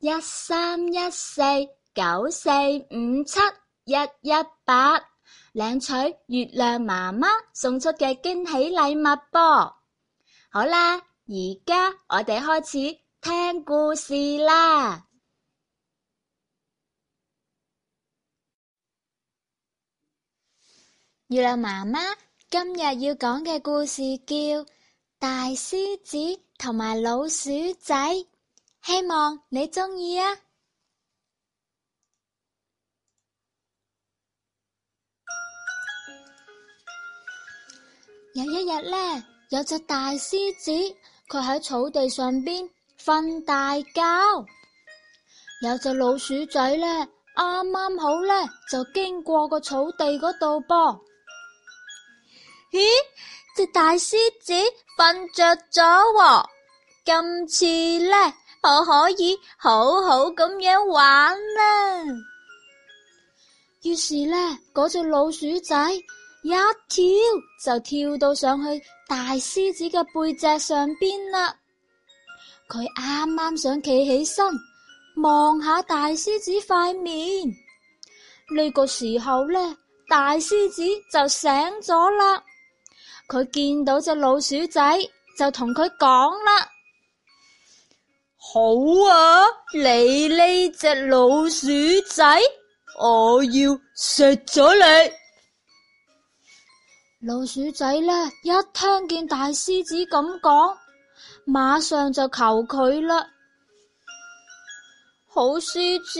一三一四九四五七一一八，14, 7, 8，領取月亮媽媽送出嘅驚喜禮物啵！好啦，而家我哋開始聽故事啦。月亮媽媽今日要講嘅故事叫《大獅子同埋老鼠仔》。希望你中意啊！有一日呢，有隻大獅子，佢喺草地上邊瞓大覺。有隻老鼠仔呢，啱啱好呢，就經過個草地嗰度噃。咦？隻大獅子瞓着咗喎，今次呢。我可以好好咁樣玩啦，啊。於是呢，嗰隻老鼠仔一跳就跳到上去大獅子嘅背脊上邊啦。佢啱啱想企起身望下大獅子塊面，呢個時候呢，大獅子就醒咗啦。佢見到隻老鼠仔就同佢講啦。好啊！你呢隻老鼠仔，我要食咗你。老鼠仔呢，一聽見大獅子咁講，馬上就求佢啦。好獅子，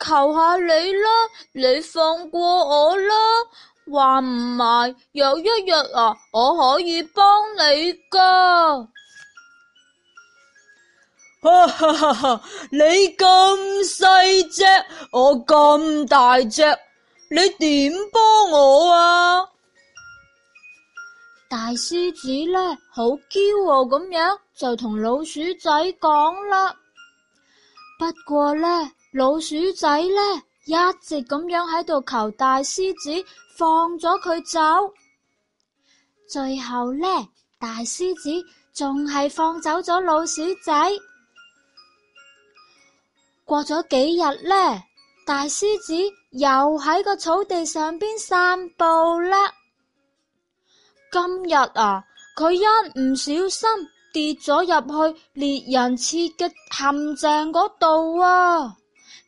求下你啦，你放過我啦。話唔定有一日啊，我可以幫你㗎。哈哈哈！你咁細隻，我咁大隻，你點幫我啊？大獅子呢，好驕傲咁樣就同老鼠仔講啦。不過呢，老鼠仔呢，一直咁樣喺度求大獅子放咗佢走。最後呢，大獅子仲係放走咗老鼠仔。過咗幾日呢，大獅子又喺個草地上邊散步啦。今日啊，佢一唔小心跌咗入去獵人設嘅陷阱嗰度啊，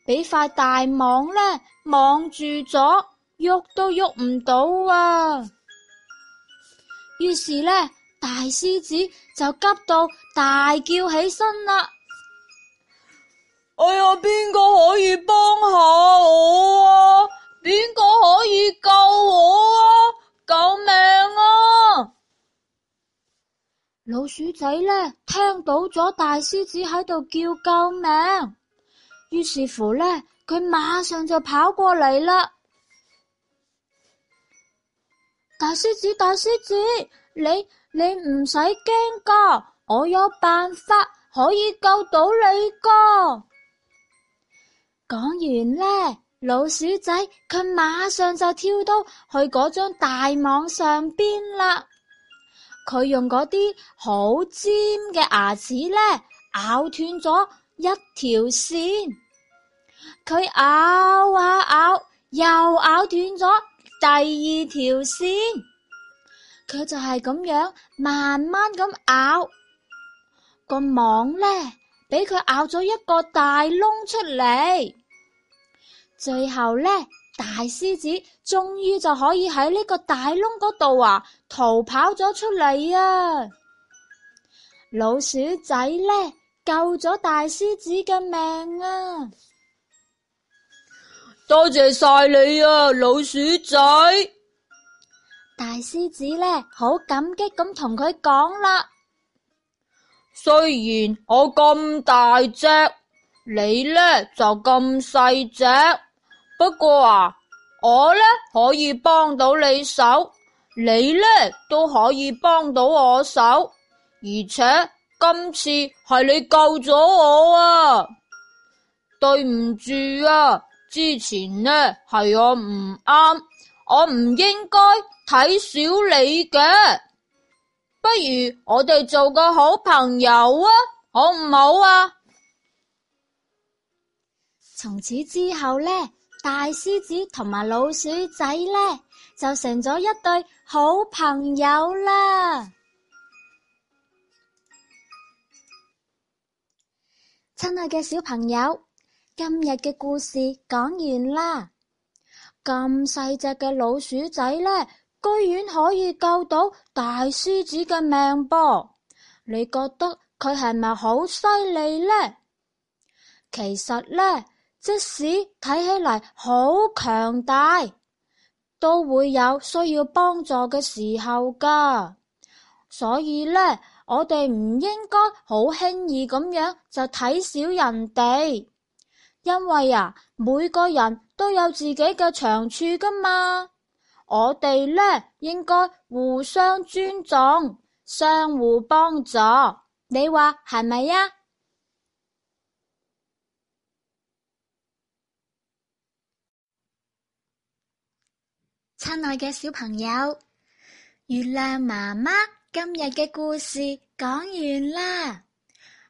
俾塊大網呢網住咗，喐都喐唔到啊。於是呢，大獅子就急到大叫起身啦。哎呀！邊個可以幫下我啊？邊個可以救我啊？救命啊！老鼠仔呢，聽到咗大獅子喺度叫救命，於是乎呢，佢馬上就跑過嚟啦。大獅子，大獅子，你你唔使驚噶，我有辦法可以救到你噶。講完呢，老鼠仔佢馬上就跳到去嗰張大網上邊啦。佢用嗰啲好尖嘅牙齒呢，咬斷咗一條線，佢咬啊咬，又咬斷咗第二條線。佢就係咁樣慢慢咁咬個網呢，俾佢咬咗一個大窿出嚟。最後呢，大獅子終於就可以喺呢個大窿嗰度啊，逃跑咗出嚟啊！老鼠仔呢，救咗大獅子嘅命啊！多謝晒你啊，老鼠仔！大獅子呢，好感激咁同佢講啦。雖然我咁大隻，你呢就咁細隻。不過啊，我呢可以幫到你手，你呢都可以幫到我手。而且今次係你救咗我啊，對唔住啊，之前呢係我唔啱，我唔應該睇小你嘅。不如我哋做個好朋友啊，好唔好啊？從此之後呢？大獅子同埋老鼠仔呢，就成咗一對好朋友啦！親愛嘅小朋友，今日嘅故事講完啦。咁細隻嘅老鼠仔呢，居然可以救到大獅子嘅命啵。你覺得佢係咪好犀利呢？其實呢。即使睇起嚟好強大，都會有需要幫助嘅時候噶。所以呢，我哋唔應該好輕易咁樣就睇小人哋，因為啊，每個人都有自己嘅長處噶嘛。我哋呢，應該互相尊重、相互幫助，你話係咪呀？親愛嘅小朋友，月亮媽媽今日嘅故事講完啦，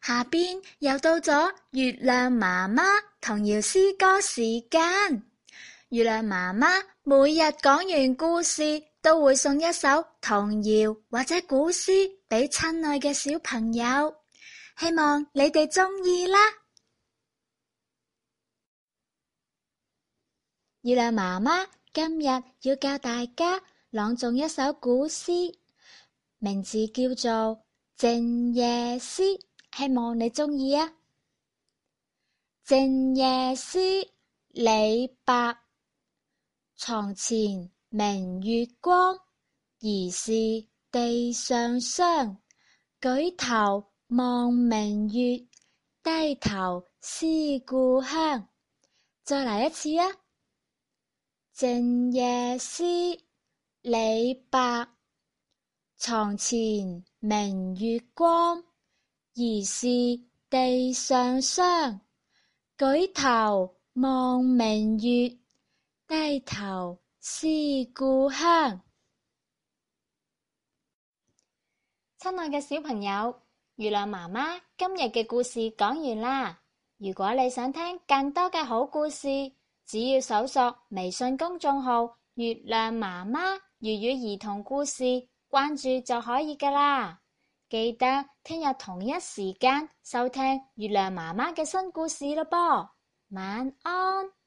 下邊又到咗月亮媽媽童謠詩歌時間。月亮媽媽每日講完故事，都會送一首童謠或者古詩俾親愛嘅小朋友，希望你哋中意啦。月亮媽媽。今日要教大家朗誦一首古詩，名字叫做《靜夜思》，希望你鍾意啊！《靜夜思》李白：床前明月光，疑是地上霜。舉頭望明月，低頭思故鄉。再嚟一次啊！靜夜思，李白。床前明月光，疑是地上霜。舉頭望明月，低頭思故鄉。親愛嘅小朋友，月亮媽媽今日嘅故事講完啦。如果你想聽更多嘅好故事，只要搜索微信公眾號月亮媽媽粵語兒童故事，關注就可以噶啦。記得聽日同一時間收聽月亮媽媽嘅新故事咯，噃。晚安。